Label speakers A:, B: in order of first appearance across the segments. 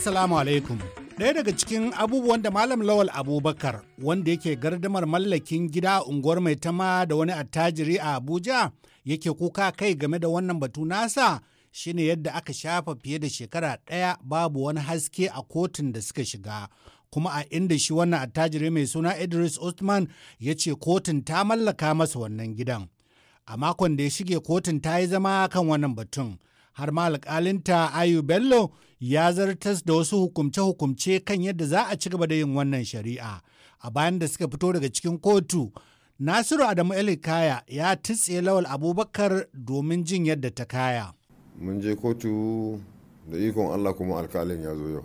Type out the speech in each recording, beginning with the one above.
A: Assalamu alaikum. Ɗaya daga cikin abubuwan da Malam Lawal Abubakar wanda yake gardamar mallakin gida unguwar mai tama da wani attajiri a Abuja yake kuka kai game da wannan batu nasa shine yadda aka shafa fiye da shekara ɗaya babu wani haske a kotun da suka shiga. kuma a inda shi wannan attajiri mai suna Idris Usman ya ce kotun ta mallaka masa wannan gidan. A makon da ya shige kotun ta yi zama kan wannan batun. har ma alƙalinta Ayu Bello ya zartas da wasu hukumce-hukumce kan yadda za a ci gaba da yin wannan shari'a. A bayan da suka fito daga cikin kotu, Nasiru Adamu Elikaya ya tutse Lawal Abubakar domin jin yadda ta kaya.
B: Mun je kotu da ikon Allah kuma alkalin ya zo yau.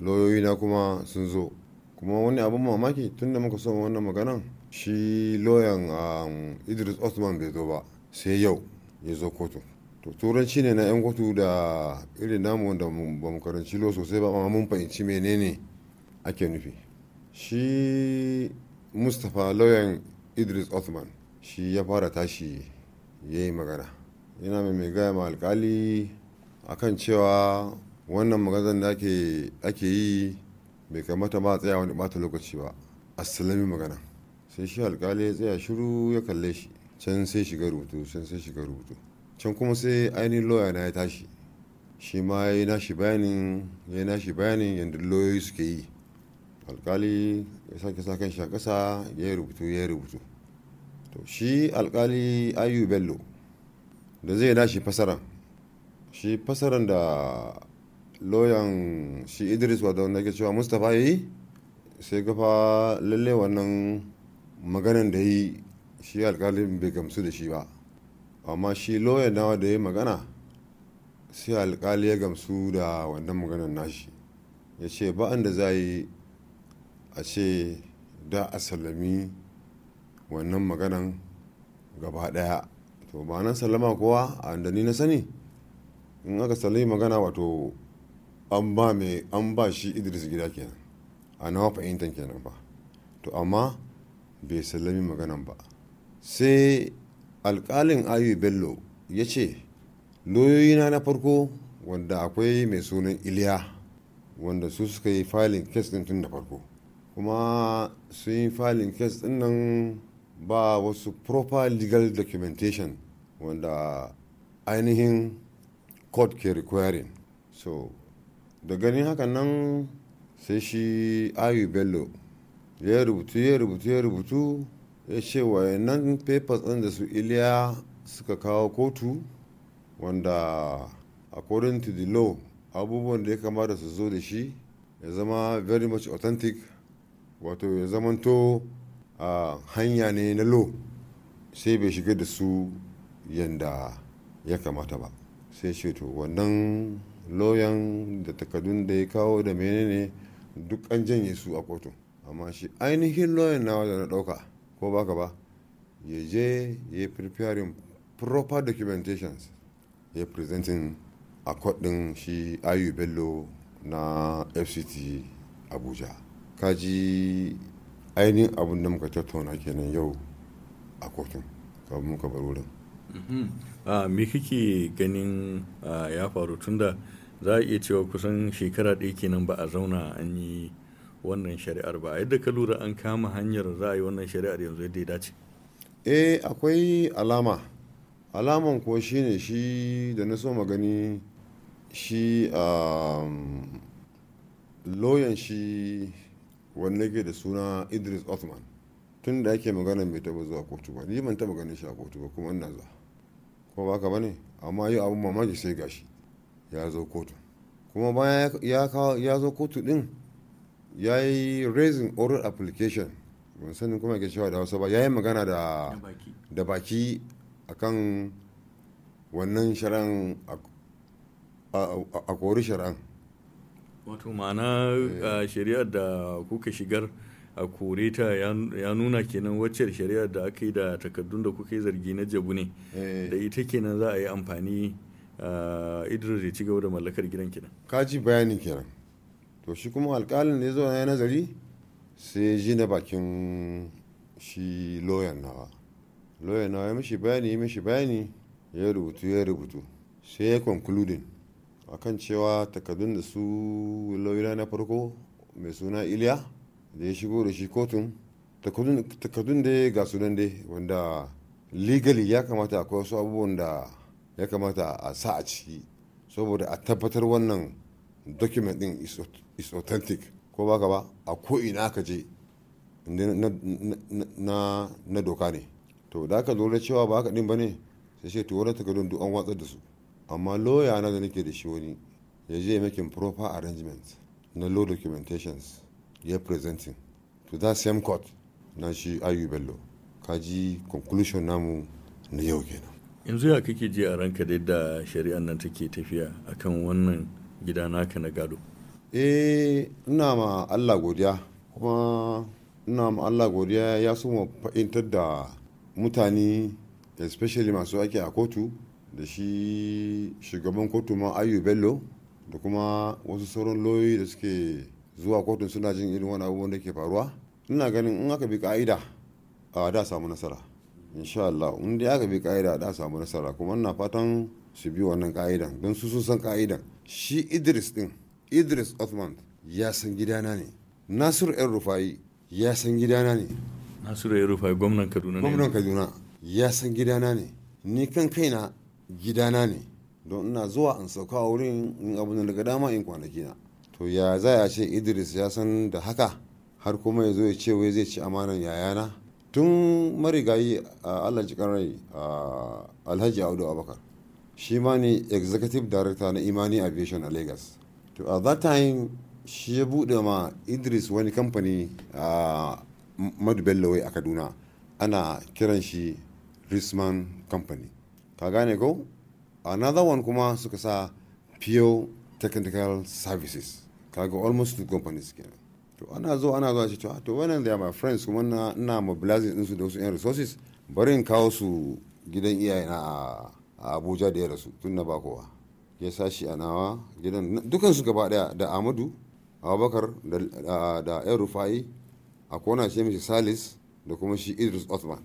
B: loyoyi na kuma sun zo. Kuma wani abin mamaki tun da muka so wannan maganan shi loyan um, Idris Osman bai zo ba sai yau ya zo kotu. to turanci ne na yan kwatu da irin namu da ba mu karanci lo sosai ba amma mun fahimci menene ake nufi shi mustapha lauyan idris othman shi ya fara tashi ya yi magana yana mai mai gaya ma alkali akan cewa wannan maganar da ake yi bai kamata ma tsaya wani bata lokaci ba asalami magana sai shi alkali ya tsaya shiru ya kalle shi can sai shiga rubutu can sai shiga rubutu can kuma sai ainihin lawyer na ya tashi shi ma ya yi nashi bayanin ya yi nashi bayanin yadda lauyoyi suke yi alkali ya sake sa kan shi a ƙasa ya yi rubutu ya yi rubutu to shi alkali ayu bello da zai nashi fasaran shi fasaran da loyan shi idris wadda wanda ke cewa mustapha ya yi sai gafa lalle wannan maganan da yi shi alkalin bai gamsu da shi ba amma shi lawyer nawa da ya magana sai alkali ya gamsu da wannan maganar nashi ya ce ba'an da za yi a ce da a wannan maganan gaba daya to ba nan salama kowa a da ni na sani in aka salami magana wato an ba mai an ba shi idris gida kenan a nawa fahimtar kenan ba to amma bai salami maganan ba sai alkalin ayu bello ya ce lauyoyina na farko wanda akwai mai sunan iliya wanda su suka yi filin kes din tun da farko kuma sun yi filin kes din nan ba wasu proper legal documentation wanda ainihin court ke requiring so da ganin hakan nan sai shi ayu bello ya rubutu ya rubutu ya rubutu ya ce wayannan papers ɗin da su iliya suka kawo kotu wanda according to the law abubuwan da ya kamata su zo da shi ya zama very much authentic wato ya zamanto a hanya ne na law sai bai shiga da su yanda ya kamata ba sai ce to wannan lawyer da takardun da ya kawo da menene duk an janye su a kotu amma shi ainihin lawyer na da na ɗauka ko baka ba ya je ya yi preparing proper documentations ya presenting a kwadin shi ayu bello na fct abuja kaji
C: ainihin abin da muka tattauna kenan yau a kotun kafin ka bar wurin mm-hmm. me kake ganin ya faru tunda za a iya cewa kusan shekara ɗaya kenan ba a zauna an yi wannan shari'ar ba yadda ka lura an kama hanyar ra'ayi wannan shari'ar yanzu yadda ya dace eh akwai
B: alama alaman ko ne shi da na so magani shi um, loyan shi wanda ke da suna idris othman tun da ake magana mai taba zuwa kotu ba ni ban taba ganin shi a kotu ba kuma ina zuwa ko ba ka bane amma yau abun mamaki sai gashi ya zo kotu kuma bayan ya zo kotu din ya yi raising oral application ban sanin kuma ke cewa da wasu ba ya yi magana da baki a kan wannan shari'an a
C: kori shari'an wato ma'ana eh. shari'ar da kuka shigar a kore ta ya nuna kenan wacce shari'ar da aka yi da takardun da kuka yi zargi na jabu ne eh. da ita kenan za a yi amfani idris ya ci gaba da mallakar gidan kenan kaji bayani kenan to shi kuma alkalin ya zo ya nazari
B: sai ji na bakin shi loyan nawa loyan nawa ya mishi bayani ya mishi bayani ya rubutu ya rubutu sai ya concluding akan cewa takardun da su lauyina na farko mai suna iliya da ya shigo da shi kotun takardun da ga sunan dai wanda legally ya kamata akwai wasu abubuwan da ya kamata a sa a ciki saboda a tabbatar wannan document din is authentic ko ba ka ba a ko ina ka je na doka ne to da aka lura cewa ba haka din ba ne sai ce ta takardun duk an watsar da su amma lawyer na da nake da shi wani ya je makin proper arrangement na law documentations ya presenting to that same court na shi ayu bello kaji conclusion namu
C: na yau kenan yanzu ya kake ji a ranka da shari'an nan take tafiya akan wannan gida naka na gado
B: eh ina ma allah godiya kuma ina ma allah godiya ya so mu fahimtar da mutane especially masu ake a kotu da shi shugaban kotu ma ayu bello da kuma wasu sauran loyoyi da suke zuwa kotu suna jin irin wani abubuwan da ke faruwa ina ganin in aka bi ka'ida a da samu nasara insha Allah in dai aka bi ka'ida da samu nasara kuma ina fatan su bi wannan ka'idan don su sun san ka'idan shi Idris din idris othman ya san gidana ne nasiru el rufayi ya san gidana ne
C: nasiru el rufayi gwamnan kaduna ne gwamnan kaduna
B: ya san gidana ne ni kan kaina gidana ne don ina zuwa in sauka a wurin in abu na daga dama in kwanaki na to ya za a ce idris ya san da haka har kuma ya zo ya ce wai zai ci amanan yayana tun marigayi a allah jikan rai alhaji audu abakar shi ma ne executive director na imani aviation a lagos to at that time shi ya bude ma idris wani kamfani a madu bellawai a kaduna ana kiran shi risman company ka gane ko another one kuma suka sa pure technical services kaga almost two companies kenan to ana zo ana a cewa ah, to wannan da my friends kuma na ina mobilizing din su da wasu yan resources bari in kawo su gidan iyayena a abuja da ya rasu tun na ba kowa ya sashi a nawa gidan dukansu gaba daya da amadu abubakar da yan rufa'i
C: a kona shi mai salis da kuma shi idris othman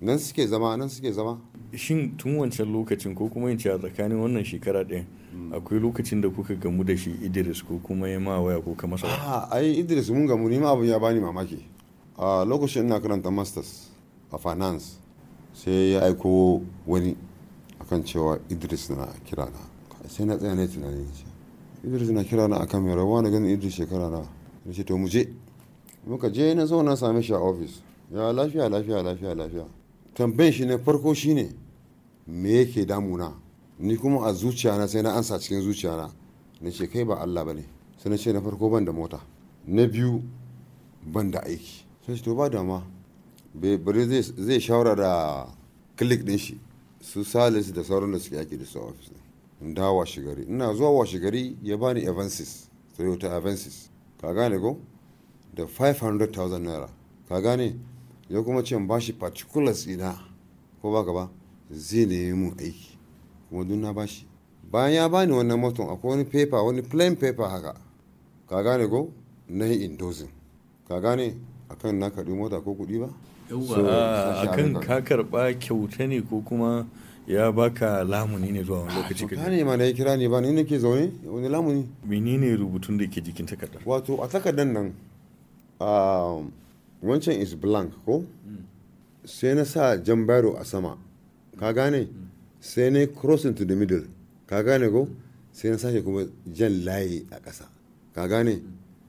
C: nan suke zama nan suke zama shin tun wancan lokacin ko kuma in a tsakanin wannan shekara ɗaya hmm. akwai lokacin da kuka gamu da shi idris ko kuma ya ma waya ko kama sa a yi ah, idris mun gamu ni ma abin ya bani mamaki
B: a lokacin ina karanta masters a finance sai ya aiko wani akan cewa idris na kirana sai na tsaya na tunani idris na kira na akan mai rabuwa da ganin idris shekara na ya ce to mu je muka je na zo na same shi a ofis ya lafiya lafiya lafiya lafiya tambayin shi ne farko shi ne me yake damuna ni kuma a zuciya na sai na ansa cikin zuciya na na ce kai ba allah ba ne sai na ce na farko ban da mota na biyu ban da aiki sai to ba dama bari zai shawara da klik din shi su salis da sauran da suke yaki da su ofis din da washe gari ina zuwa washe gari ya bani avances toyota avances ka gane ko da 500,000 naira ka gane ya kuma ce ba shi particulars ina ko ba gaba zai yi mun aiki kuma duk na bashi bayan ya bani wannan moton akwai wani paper wani plain paper haka ka gane ko na yi indozin ka gane
C: akan na karbi mota ko kuɗi ba yauwa akan ka karba kyauta ne ko kuma ya baka lamuni ne zuwa wani lokaci ka ne ma ne ya kira ne ba ni nake zaune wani lamuni menene rubutun da ke jikin takardar wato a takardar nan um,
B: wancan is blank ko sai na sa jan biro a sama ka gane sai na cross into the middle ka gane ko sai na sake kuma jan layi a ƙasa ka gane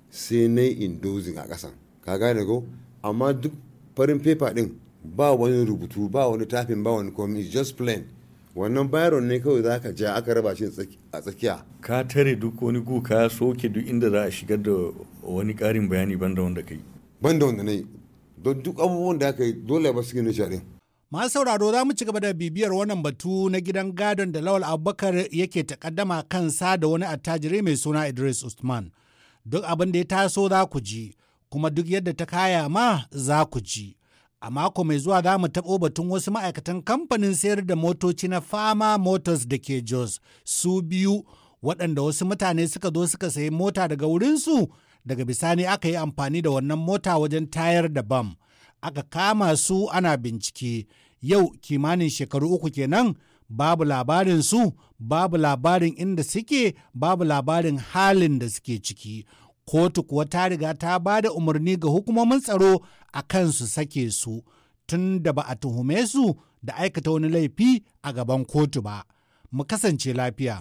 B: sai na indozing a ƙasan ka gane ko amma duk farin paper din ba wani rubutu ba wani tafin ba wani komi just plain wannan byron ne kawai za ka ja aka raba shi a tsakiya
C: ka tare duk wani gu ka soke duk inda za a shigar da wani karin bayani banda wanda kai banda wanda ne don duk abubuwan da aka yi dole ba su gina shari'a
A: masu sauraro za mu ci gaba da bibiyar wannan batu na gidan gadon da lawal abubakar yake takaddama kansa da wani attajiri mai suna idris usman duk abin da ya taso za ku ji kuma duk yadda ta kaya ma za ku ji A mako mai zuwa za mu taɓo batun wasu ma'aikatan kamfanin sayar da motoci na Fama Motors da ke Jos su biyu waɗanda wasu mutane suka zo suka sayi mota daga wurinsu daga bisani aka yi amfani da wannan mota wajen tayar da bam. Aka kama su ana bincike yau kimanin shekaru uku kenan babu labarin su babu labarin inda suke babu labarin halin da suke ciki. kotu kuwa ta riga ta ba da umarni ga hukumomin tsaro a kan su sake su tun da ba a tuhume su da aikata wani laifi a gaban kotu ba. Mu kasance lafiya.